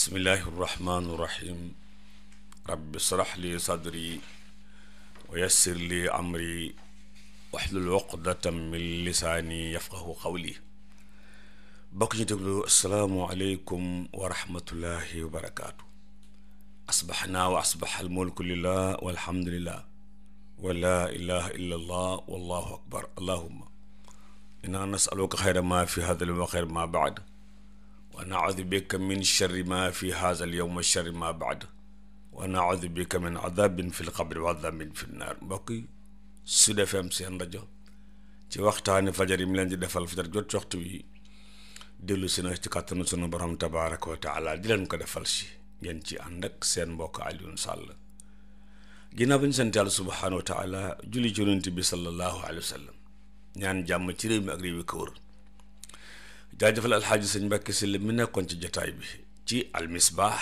bismillahi irrahmani irrahim rabbi israh li sadri wa yassir li amri waxlul uqdatan min lisaani yafqahu qawli bokk ñu déglu asalaamualeykum wa rahmatullahi wa barakaatu asbaxnaa wa asbax almulku lillah walhamdulillah wa laa ilaha illa allah wallahu akbar allahuma inna nasaluka xayra ma fi hada wa xayra ma baad wa naudu bika min sharri ma fi haza al yowm wa sharri ma baad wa naudu bika min adabin fi lqabri wa adabin fi nnaar mbokk yi Sud FM seen rajo ci waxtaani fajar yi mu leen di defal fajar jot waxtu wi dellu si na ci kàttanu sunu borom tabaraka wa taala di leen ko defal si ngeen ci ànd ak seen mbokk Alioune Sall ginnaaw bi ñu sant yàlla subhanahu wa taala julli ci yonent bi sallallahu alayhi wa sallam ñaan jàmm ci réew mi ak réew yi ko wër jaajëfal alxaaji sëñ Mbàkke Sylla mu nekkoon ci jotaay bi ci almisbaax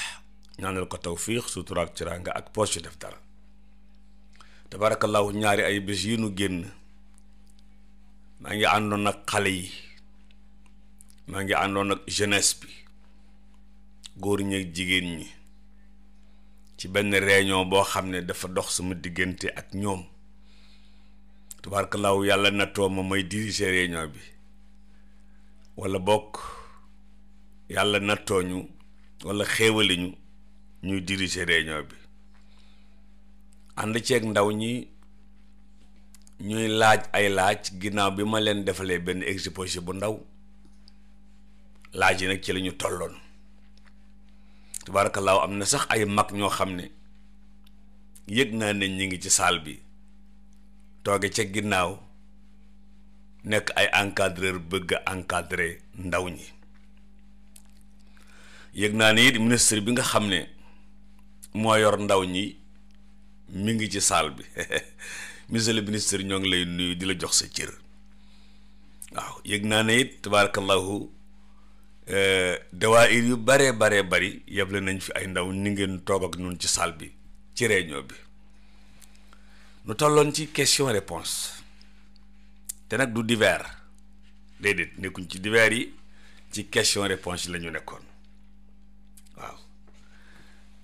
ñaanal ko tawfiix sutura ak tiraanga ak poche yu def dara tabaarakallaahu ñaari ay bés yi nu génn maa ngi àndoon ak xale yi maa ngi àndoon ak jenes bi góor ñi ak jigéen ñi ci benn réunion boo xam ne dafa dox sama diggante ak ñoom tabaarakallaahu yàlla nattoo ma may diriger réunion bi wala bokk yàlla nattooñu wala xéewaliñu ñuy diriger réunion bi ànd ceeg ndaw ñi ñuy laaj ay laaj ginnaaw bi ma leen defalee benn exposé bu ndaw laaj yi nag ci lañu tolloon tolloon laaw am na sax ay mag ñoo xam ne yëg naa ne ñu ngi ci saal bi tooge ca ginnaaw nekk ay encadreur bëgg a encadrer ndaw ñi yëg naa ni it ministre bi nga xam ne moo yor ndaw ñi mu ngi ci salle bi monsieur le ministre ñoo ngi lay nuyu di la jox sa cër waaw yëg naa ne it tabarakallahu euh, dawaayir yu baree baree bari yeble nañ fi ay ndaw ni ngeen toog ak ñun ci salle bi ci réunion bi nu tolloon ci question réponse te nag du divers déedéet nekkuñ ci divers yi ci question réponse yi la ñu nekkoon waaw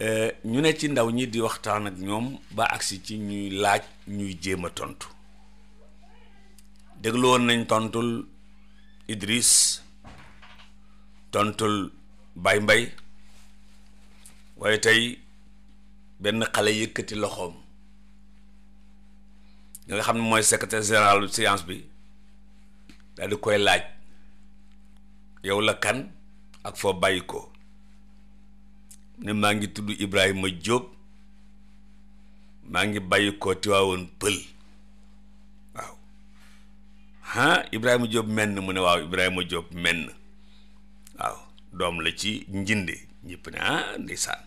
euh, ñu ne ci ndaw ñi di waxtaan ak ñoom ba agsi ci ñuy laaj ñuy jéem a tontu déglu woon nañ tontul Idris tontul Baye mbay waaye tey benn xale yëkkati loxoom nga xam ne mooy secretaire général séance bi daal di koy laaj yow la kan ak foo bàyyi ko ne maa ngi tudd Ibrahima Diop maa ngi bàyyi ko Tiwaawoon pël waaw ah Ibrahima Diop menn mu ne waaw Ibrahima Diop menn waaw doom la ci njinde ñëpp ne ah ndeysaan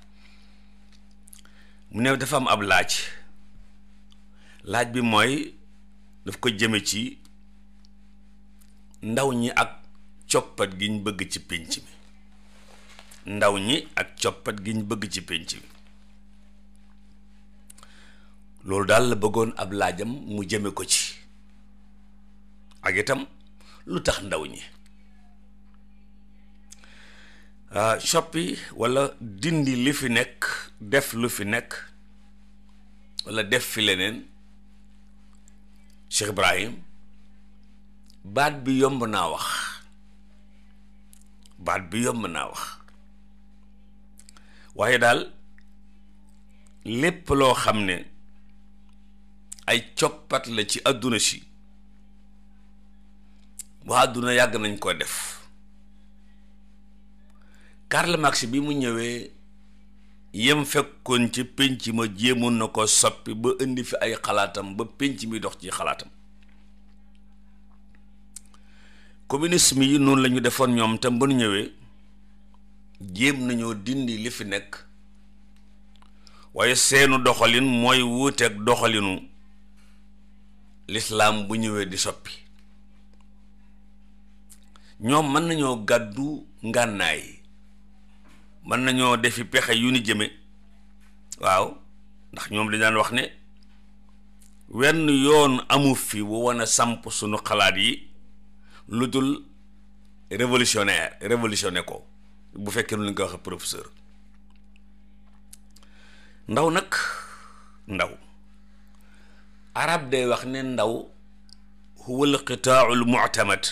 mu ne dafa am ab laaj laaj bi mooy daf ko jëme ci ndaw ñi ak coppat gi ñu bëgg ci pinc mi ndaw ñi ak coppat gi ñu bëgg ci pénc mi loolu daal la bëggoon ab laajam mu jëme ko ci ak itam lu tax ndaw ñi soppi walla dindi li fi nekk def lu fi nekk walla def fi leneen Cheikh Ibrahim baat bi yomb naa wax baat bi yomb naa wax waaye daal lépp loo xam ne ay coppat la ci àdduna si waa àdduna yàgg nañ koo def Karl Marx bi mu ñëwee yem fekkoon ci pénc ma jéemoon na ko soppi ba indi fi ay xalaatam ba pénc mi dox ci xalaatam communisme yi noonu lañu ñu defoon ñoom tam ba nu ñëwee jéem nañoo dindi li fi nekk waaye seenu doxalin mooy wuuteeg doxalinu lislaam bu ñëwee di soppi ñoom mën nañoo gàddu ngànnaay mën nañoo defi pexe yu ni jëme waaw ndax ñoom li daan wax ne wenn yoon amu fi wu wan samp sunu xalaat yi lu dul révolutionné révolutionné ko bu fekkee nu la ñu professeur ndaw nag ndaw arab day wax ne ndaw huwa al qitaacu l muctamad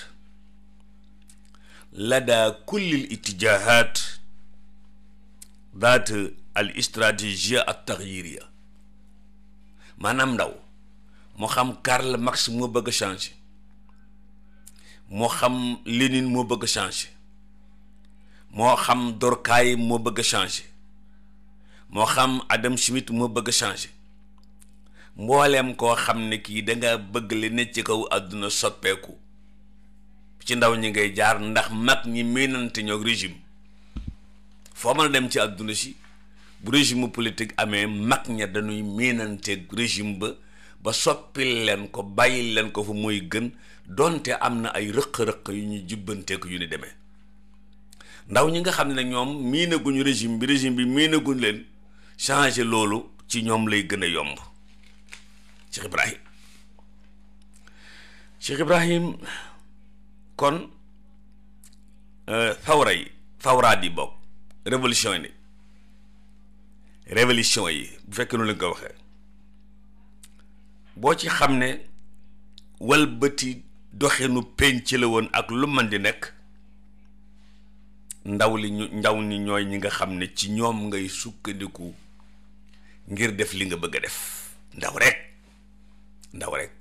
lada kulli l itijahat daat al stratégie at taxyiria maanaam ndaw mu xam kar la Marx moo bëgg a moo xam Lénine moo bëgg a changer moo xam Durkheim moo bëgg a changer moo xam Adam Smith moo bëgg a changer mbooleem koo xam ne kii danga bëgg li ne ci kaw àdduna soppeeku ci ndaw ñi ngay jaar ndax mag ñi miinante ñoo régime foo mën a dem ci àdduna si bu régime politique amee mag ña dañuy miinante régime ba ba soppi leen ko bàyyi leen ko fa mooy gën donte am na ay rëq-rëq yu ñu jubbanteeku yu ni demee ndaw ñi nga xam ne ñoom miinaguñu régime bi régime bi miinaguñ leen changé loolu ci ñoom lay gën a yomb Cheikh Ibrahim Cheikh Ibrahim kon fawra euh, yi fawraat yi bokk révolution yi révolution yi bu fekkee nu leen ko waxee boo ci xam ne walbati doxinu ci la woon ak lu man di nekk ndaw li ñu ndaw ni ñooy ñi nga xam ne ci ñoom ngay sukkandiku ngir def li nga bëgg a def ndaw rek ndaw rek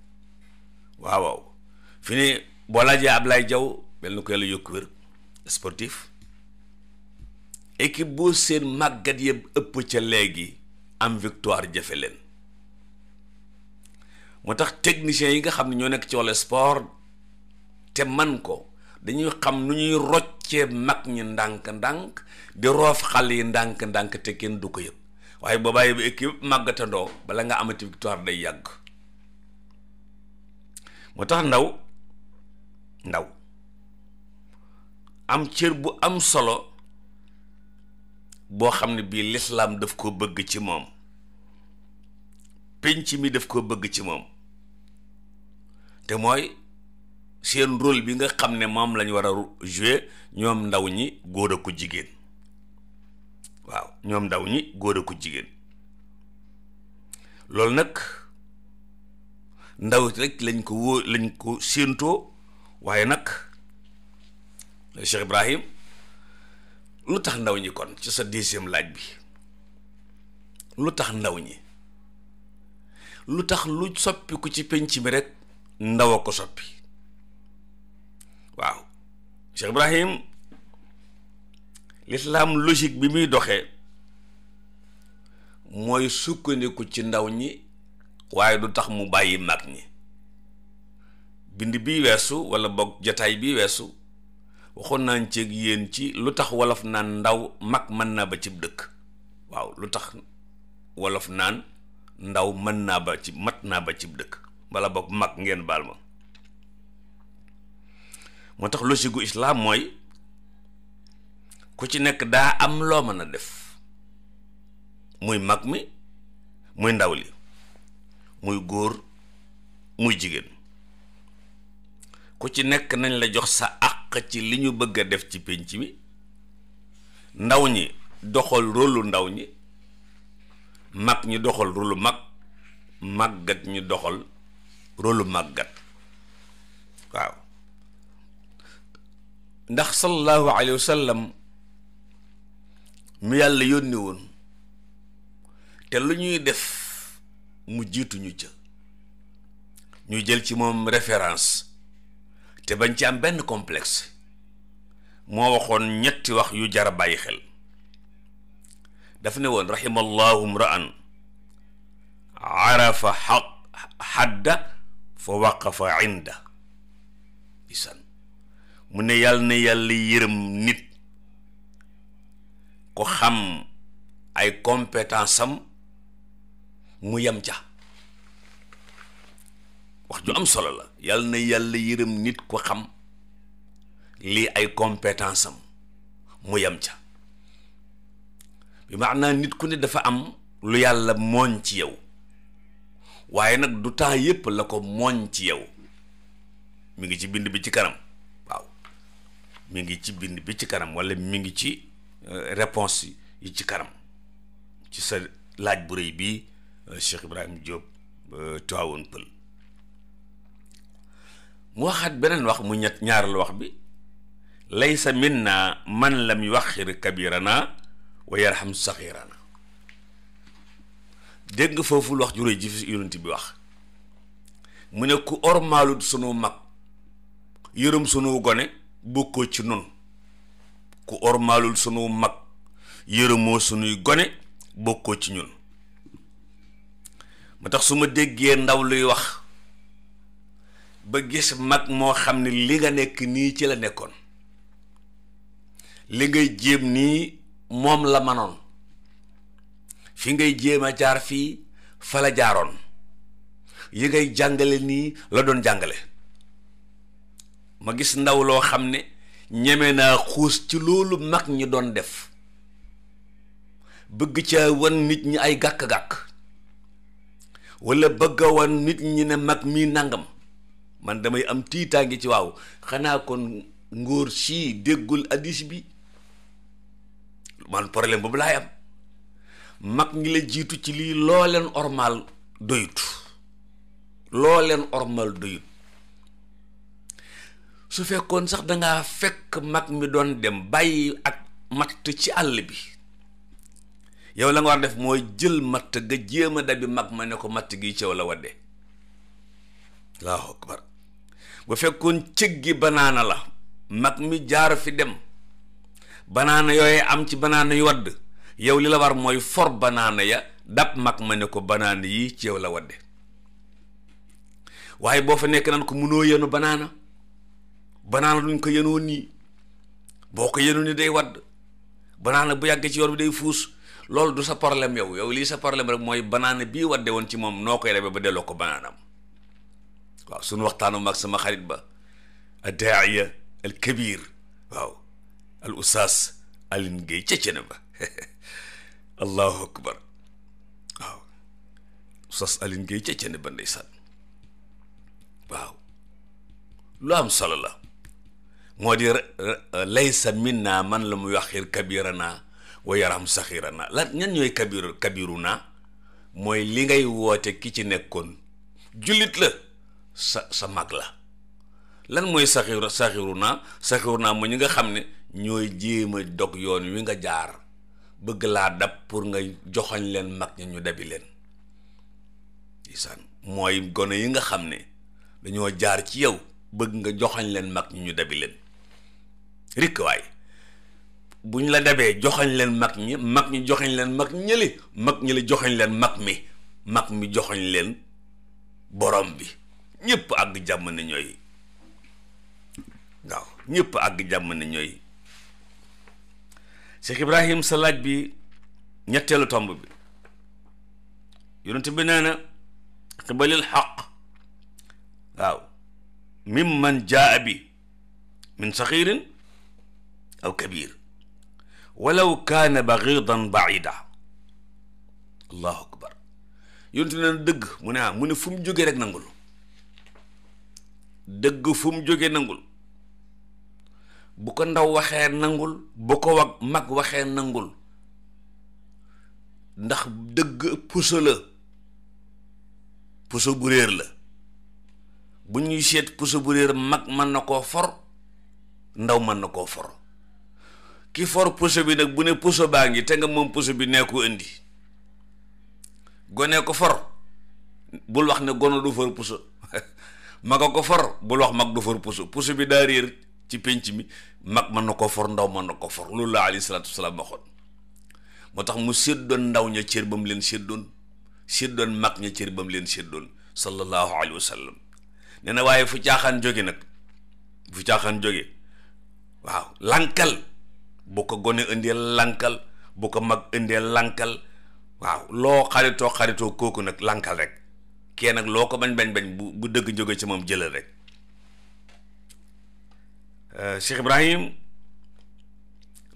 waaw waaw fi ni boo laajee Ablaye Diaw mel na ko yàlla yokku wér sportif équipe boo seen màggat yëpp ëpp ca léegi am victoire jafe leen moo tax techniciens yi nga xam ne ñoo nekk ci wàllu sport te man ko dañuy xam nu ñuy roccee mag ñi ndànk-ndànk di roof xale yi ndànk-ndànk te kenn du ko yëg waaye boo bàyyi ba équipe màggatandoo bala nga amati victoire day yàgg moo tax ndaw ndaw am cër bu am solo boo xam ne bii lislaam daf koo bëgg ci moom penc mi daf koo bëgg ci moom te mooy seen rôle bi nga xam ne moom lañu war a jouer ñoom ndaw ñi góor a ko jigéen waaw ñoom ndaw ñi góor a jigéen loolu nag ndaw rek lañ ko wóo lañ ko séentoo waaye nag Cheikh Ibrahim lu tax ndaw ñi kon ci sa deuxième laaj bi lu tax ndaw ñi lu tax lu soppiku ci penc bi rek ndaw a ko soppi Cheikh Ibrahim l'islam logique bi muy doxee mooy sukkandiku ci ndaw ñi waaye du tax mu bàyyi mag ñi bind bi weesu wala bokk jataay bi weesu waxoon naan ceeg yéen ci lu tax wolof naan ndaw mag mën naa ba cib dëkk waaw lu tax wolof naan ndaw mën naa ba ci mat naa ba cib dëkk wala boog mag ngeen baal ma moo tax logique gu islaam mooy ku ci nekk daa am loo mën a def muy mag mi muy ndaw li muy góor muy jigéen ku ci nekk nañ la jox sa àq ci li ñu bëgg a def ci pénc mi ndaw ñi doxal rôlu ndaw ñi mag ñi doxal rôlu mag màggat ñu doxal rolu màggat waaw ndax sallallahu alayhi wa sallam mu yàlla yónni woon te lu ñuy def mu jiitu ñu jë ñu jël ci moom référence te bañ ci am benn complex moo waxoon ñetti wax yu jar a bàyyi xel daf ne woon rahimallahu mra'an arafa xaq xadda fa waqafa inda mu ne yàlla na yàlla yërëm nit ku xam ay compétence am mu yem ca wax ju am solo la yàlla na yàlla yërëm nit ku xam lii ay compétence am mu yem ca bi maanaa nit ku ne dafa am lu yàlla mooñ ci yow waaye nag du temps yépp la ko mooñ ci yow mu ngi ci bind bi ci kanam mi ngi ci bind bi ci kanam walla mi ngi ci euh, réponse yi ci kanam ci sa laaj bu rëy bii euh, Cheikh Ibrahim Diop euh, tuwaawoon pël mu waxaat beneen wax mu ñett ñaaral wax bi laysa minna man lam yuwaxir kabirana wa yarham saxirana dégg nga foofu wax ju rëy ji bi wax mu ne ku ormaalut sunu mag yërëm sunu gone bokkoo ci nun ku ormalul sunu mag yërëmoo sunuy gone bokkoo ci ñun ma tax su ma déggee ndaw luy wax ba gis mag moo xam ne li nga nekk nii ci la nekkoon li ngay jéem nii moom la manoon fi ngay jéem a jaar fii fala jaaroon yi ngay jàngale nii la doon jàngale ma gis ndaw loo xam ne ñeme naa xuus ci loolu mag ñi doon def bëgg ca wan nit ñi ay gàkk-gàkk wala bëgg a wan nit ñi ne mag mii nangam man damay am tiitaangi ci waaw xanaa kon ngóor sii déggul addis bi man problème boobu laay am mag ñi la jiitu ci lii loo leen ormal doyut loo leen doyut su fekkoon sax dangaa fekk mag mi doon dem bàyyi ak matt ci àll bi yow la nga war def mooy jël matt ga jéem a dabi mag ma ne ko matt gi ceew la wadde allahu bu fekkoon cëg gi banaana la mag mi jaar fi dem banaana yooye am ci banaana yu wadd yow li la war mooy for banaana ya dab mag ma ne ko banaana yi ceew la wadde waaye boo fa nekk naan ko munoo yenu banaana banaana duñ ko yenoon nii boo ko yenoon nii day wadd banaana bu yàggee ci yoon bi day fuus loolu du sa problème yow yow lii sa problème rek mooy banaana bii wadde woon ci moom noo koy rebe ba delloo ko banaanam waaw suñu waxtaanu mag sama xarit ba ad daaiya al kabir waaw al ustaas Alioune Guèye cëcce allahu akbar waaw ustaas Alioune Guèye cëcce na ba ndeysaan waaw lu am solo la moo di laysa minna man la mu yaxir kabirana wa yaram saxirana lan ñan ñooy kabir naa mooy li ngay woote ki ci nekkoon jullit la sa sa mag la lan mooy saxiru saxiruna saxiruna mu ñi nga xam ne ñooy jéem a dog yoon wi nga jaar bëgg laa dab pour nga joxoñ leen mag ñu dabi leen isaan gone yi nga xam ne dañoo jaar ci yow bëgg nga joxoñ leen mag ñi ñu dabi leen rikk waay buñ la dabee joxañ leen mag ñi mag ñi joxañ leen mag ñëli mag ñëli joxañ leen mag mi mag mi joxañ leen borom bi ñëpp àgg jàmm ne ñooy waaw àgg jàmm ñooy Cheikh Ibrahim sa laaj bi ñetteelu tomb bi yonent bi nee na xibalil xaq waaw mimman jaa bi min saxiirin aw kabir walaw kaana bagidan baida allahu akbar yontu na dëgg mu ne ah mu ne fu mu jógee rek nangul dëgg fum mu jógee nangul bu ko ndaw waxee nangul bu ko wag mag waxee nangul ndax dëgg puso la puso bu réer la bu ñuy seet puso bu réer mag mën na koo for ndaw mën na koo for ki foor puso bi nag bu ne puso baa ngi te nga moom puso bi nee ko indi gone ko for bul wax ne gono du for puso mag a ko for bul wax mag du for puso puso bi daa réer ci pénc mi mag mën na ko for ndaw mën na ko for loolu la alayhi salaatu wasalaam waxoon moo tax mu séddoon ndaw ña cër ba mu leen séddoon séddoon mag ña cër ba mu leen séddoon sallallahu alayhi na waaye fu caaxaan jóge nag fu caaxaan jóge waaw lankal bu ko gone indee lankal bu ko mag indee lankal waaw loo xaritoo xaritoo kooku nag lankal rek kee nag loo ko bañ bañ bañ bu bu dëgg jóge ci moom jëlal rek euh, Cheikh Ibrahim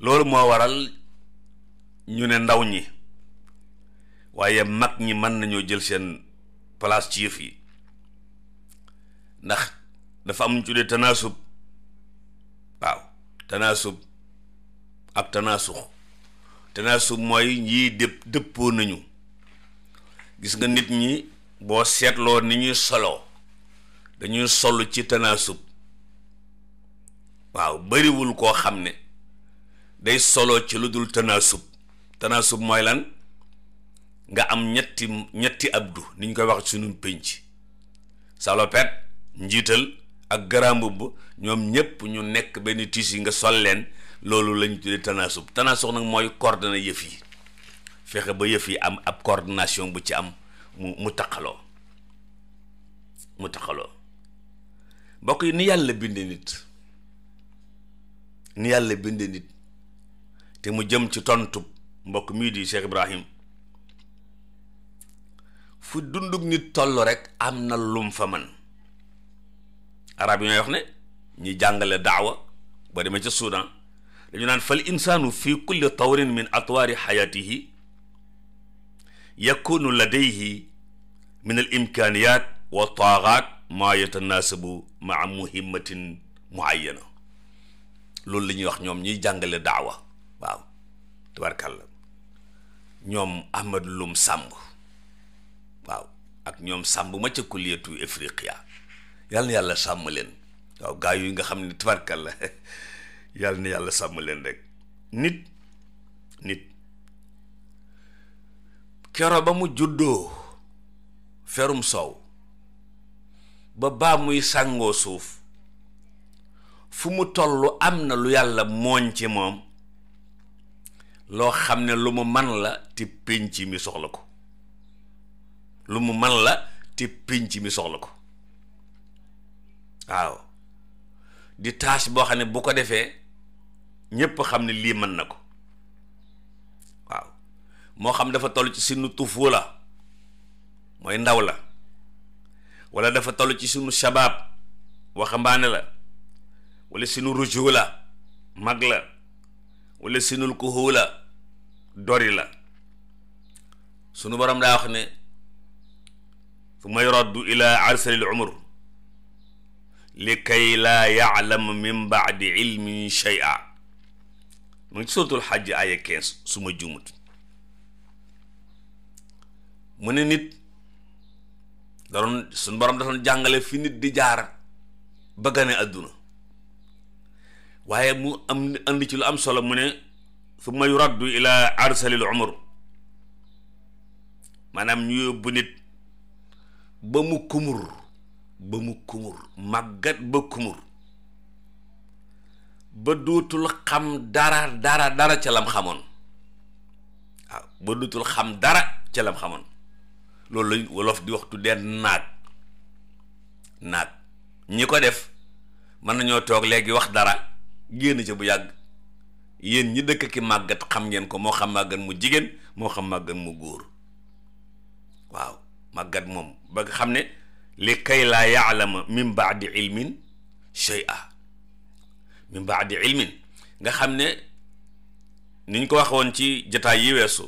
loolu moo waral ñu ne ndaw ñi waaye mag ñi mën nañoo jël seen place ci yëf yi ndax dafa am ñu tuddee tanaasub waaw tanaasub ak tanaasux tanaasux mooy ñii dëppoo nañu gis nga nit ñi boo seetloo ni ñuy solo dañuy sol ci tanaasub waaw bariwul koo xam ne day solo ci lu dul tanaasub tanaasub mooy lan nga am ñetti ñetti abdu ni ñu koy wax sunu pénc salopet njiital ak garambubb ñoom ñépp ñu nekk benn yi nga sol leen loolu la ñu tuddee tanaasub nag mooy coordonné yëf yi fexe ba yëf yi am ab coordination bu ci am mu mu taqaloo mu taqaloo bokk yi ni yàlla binde nit ni yàlla binde nit te mu jëm ci tontu mbokk mii di Cheikh Ibrahim fu dundug nit toll rek am na lum fa man arab yi ñooy wax ne ñu jàngale daawa ba demee ca Soudan dañu naan fal insaanu fi kulli tawrin min atwaari xayaatihi yakunu ladayhi min al wa taaxaat maa yatanaasabu maa muhimmatin muayyana loolu la ñuy wax ñoom ñuy jàngale daawa waaw tabarkàlla ñoom Ahmad Lum Sàmb waaw ak ñoom Sàmb ma ca kulliyatu Ifriqiya yàlla na yàlla sàmm leen waaw gaa yu nga xam ne tabarkàlla yàlla na yàlla sàmm leen rek nit nit kero ba mu juddoo ferum soow ba baa muy sàngoo suuf fu mu toll am na lu yàlla mooñ ci moom loo xam ne lu mu man la te pénc mi soxla ko lu mu man la te pénc mi soxla ko waaw di tâche boo xam ne bu ko defee ñépp xam ne lii mën na ko waaw moo xam dafa toll ci sunu tufu la mooy ndaw la wala dafa toll ci sunu shabaab waxambaane la walla sunu ruju la mag la wala sunul kuhu la dori la sunu borom daa wax ne fu may roddu ila arsalil umur li la laa yaalama min baadi ilmin shay'a mu ngi ci suratul xajj aya quinze su ma jumut mu ne nit da doon suñ borom da jàngale fi nit di jaar ba gane àdduna waaye mu am andi ci lu am solo mu ne summa yuraddu ila arsalil umur maanaam ñu yóbbu nit ba mu kumur ba mu kumur màggat ba kumur ba dootul xam dara dara dara ca lam xamoon waaw ba dootul xam dara ca lam xamoon loolu lañ wolof di waxtu den naag naag ñi ko def mën nañoo toog léegi wax dara génn ca bu yàgg yéen ñi dëkk ki màggat xam ngeen ko moo xam màggat mu jigéen moo xam màggat mu góor waaw màggat moom ba nga xam ne li kay laa yaalama min di ilmin shay a min baadi ilmin nga xam ne ni ñu ko wax woon ci jataay yi weesu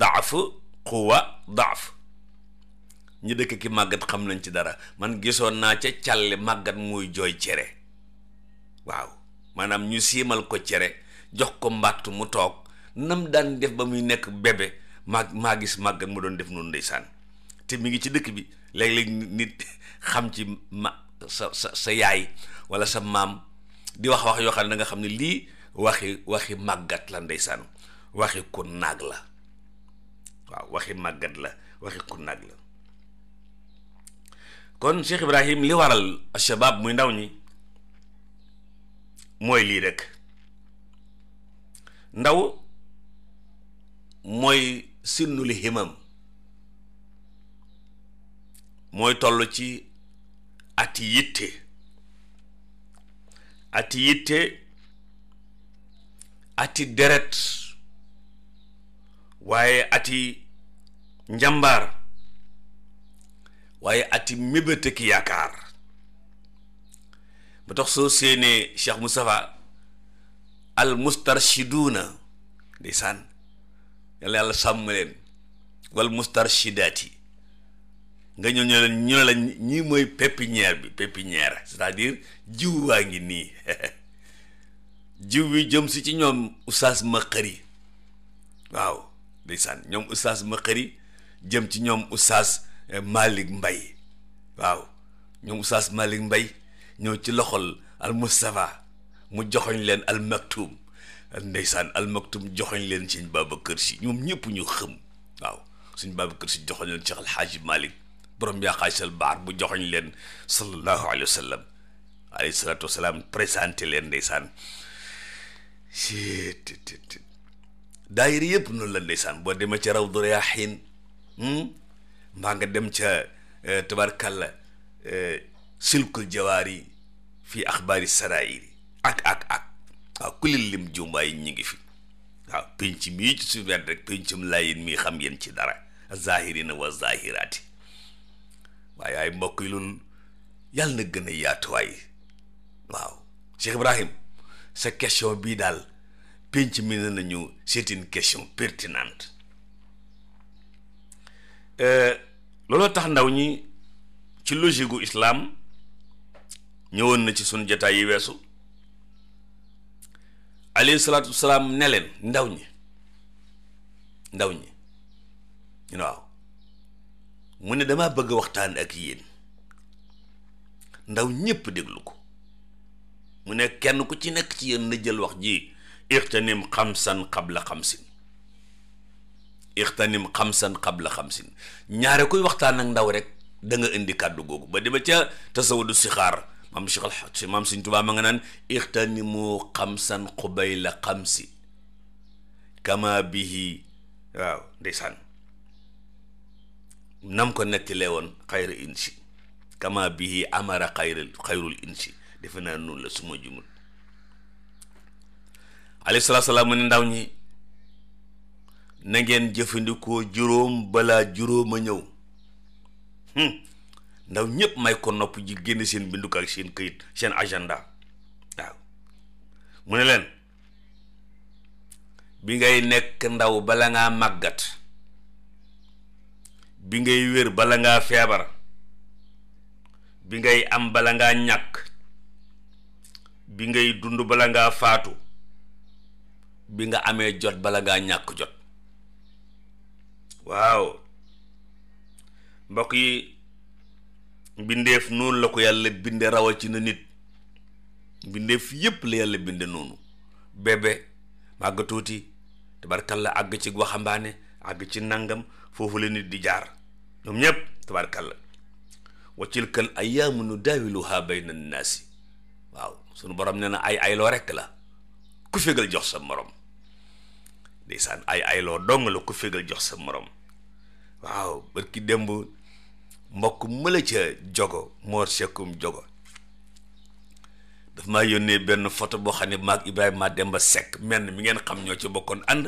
daaf quwa daaf ñi dëkk ki màggat xam nañ ci dara man gisoon naa ca càlle màggat muy jooy cere waaw maanaam ñu siimal ko cere jox ko mbàtt mu toog nam daan def ba muy nekk bébé maa maa gis màggat mu doon def noonu ndeysaan te mi ngi ci dëkk bi léeg-léeg nit xam ci ma sa sa sa yaay wala sa maam di wax wax yoo xam ne danga xam ne lii waxi waxi màggat la ndeysaan waxi ku naag la waaw waxi màggat la waxi ku naag la kon Cheikh Ibrahim li waral ashabab muy ndaw ñi mooy lii rek ndaw mooy sinnuli himam mooy toll ci ati yitte ati yitte ati deret waaye ati njàmbaar waaye ati mébét yaakaar ba tax soo séenee Cheikh Moustapha al mustarshiduuna ndeysaan yàlla yàlla sàmm leen wal mustarshidaati nga ñëw ñu leen ñu ne ñii mooy pépinière bi pépinière c'est-à-dire jiw waa ngi nii jiw bi jëm si ci ñoom oustaz Makari waaw ndeysaan ñoom oustaz Makari jëm ci ñoom oustaz eh, Malick Mbaye waaw ñoom oustaz Malick Mbaye ñëw ci loxol al mu joxoñ leen al Maktoum ndeysaan al Maktoum joxoñ leen sëñ Babacar Si ñoom ñëpp ñu xëm waaw sëñ Babacar Si joxoñ leen Cheikh Al Hadji borom yaqaasal baar bu joxoñ leen sallallahu alayhi wa sallam présenté leen ndeysaan tt daayira yëpp noonu la ndeysaan boo demee ca raw du riyaaxin hmm? mbaa nga dem ca eh, tabarkalla eh, silkul jawaari fii axbaari saraayiri ak ak ak waaw kulil lim juumbaay yi ñu ngi fi waaw pénc mii ci suñu wet rek péncum laayin mii xam ngeen ci dara zahirina wa zahiraati waaye ay mbokk yi loolu yàlla na gën a yaatuwaay waaw Cheikh Ibrahim sa question bii daal pénc mi ne nañu c'est question pertinente euh, looloo tax ndaw ñi ci logique gu islaam ñëwoon na ci sunu jataay yi weesu alayhi salaatu wasalaam ne leen ndaw ñi ndaw ñi waaw mu ne damaa bëgg waxtaan ak yéen ndaw ñépp déglu ko mu ne kenn ku ci nekk ci yéen na jël wax ji ixtanim xamsan xabla xamsin ixtanim xamsan xabla xamsin ñaare kuy waxtaan ak ndaw rek danga indi kàddu googu ba di dema ca tasawudu sixaar maam Cheikh maam Sëñ Tuubaa ma nga naan ixtanimu xamsan xubayla xamsi kama bihi waaw ndeysaan nam ko nettalee woon xayra insi kama bihi amara xayral xayrul insi defe naa noonu la suma jumul alayhi salaatu salaam mu ne ndaw ñi na ngeen jëfandikoo juróom balaa juróom a ñëw hmm. ndaw ñépp may ko nopp ji génne seen binduko ak seen këyit seen agenda waaw mu ne leen bi ngay nekk ndaw bala ngaa màggat bi ngay wér bala ngaa feebar bi ngay am bala ngaa ñàkk bi ngay dund bala ngaa faatu bi nga amee jot bala ngaa ñàkk jot waaw mbokk yi mbindeef noonu la ko yàlla binde rawatina nit mbindeef yépp la yàlla binde noonu bébé màgg tuuti tabarkalla àgg ci waxambaane àgg ci nangam foofu la nit di jaar ñoom ñëpp tabaarkàlla wa tilkal ayyaamu nudaawiluhaa bayna nnaasi waaw sunu borom nee na ay ayloo rekk la ku fégal jox sa morom ndeysaan ay ayloo dong la ku fégal jox sa moroom waaw barki démb mbokk mëla ca jogo moor sekkum jogo daf maa yónnee benn foto boo xam ne maag Ibrahima Demba Seck menn mi ngeen xam ñoo ci bokkoon ànd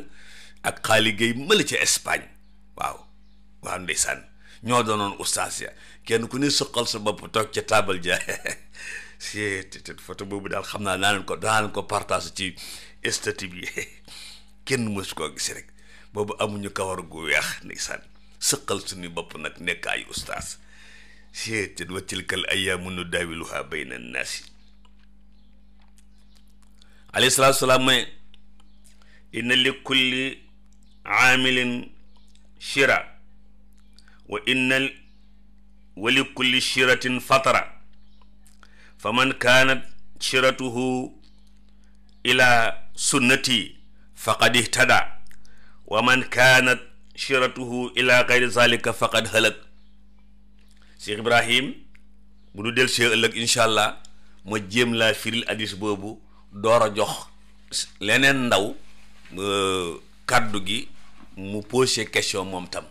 ak xaaligéey mëla ca Espagne waaw waaw ndeysaan ñoo doonoon ustaas ya kenn ku ne suqal sa bopp toog ca taabal ja si photo boobu daal xam naa naa leen ko naa leen ko partage ci statut kenn mësu koo gis rek boobu amuñu kawar gu weex ndeysaan sëqal suñu bopp nag nekk ay ustaas seetet wa tilkal ayyaamu nudaawiluhaa bayna nnaasi alayhi salaatu salaam mooy inna li kulli aamilin shira wa innal wa li kulli shiratin fatara fa man kaanat shiratuhu ila sunnati faqad ihtada wa man kaanat shiratuhu ila gayri zalika faqad halak Cheikh Ibrahim bu nu del see incha allah ma jéem laa firil addis boobu door a jox leneen ndaw euh, kàddu gi mu posé question moom tam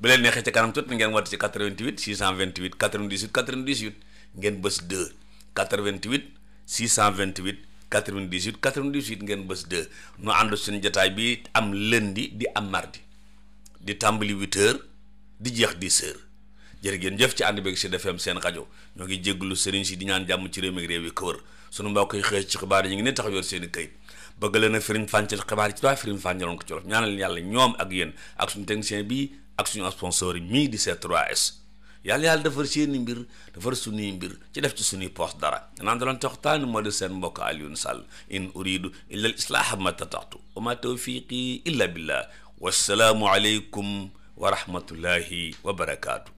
bu leen neexee ci kanam tuuti ngeen woote ci 88 628 98 98 ngeen bës 2 88 628 98 98 ngeen bës 2 nu ànd suñu jotaay bi am lundi di am mardi di tàmbali 8 heures di jeex di heures jërë ngeen jëf ci ànd beeg Sud FM seen rajo ñoo ngi lu sëriñ si di ñaan jàmm ci réew mi réew yi su sunu mbokk yi xëy ci xibaar yi ñu ngi ne tax yor seen i kayit bëgg leen a firim fàncal yàlla ñoom ak yéen ak suñu technicien ak suñu sponsor yi di C3S yàlla yàlla defar seeni mbir mbir ci def ci suñuy poos dara naan da doon toxtaani moo di seen mbokk Alioune sal in uridu illa al islaaha ma tataxtu wa ma tawfiqi illa billah wassalaamu aleykum wa rahmatullahi wa barakaatu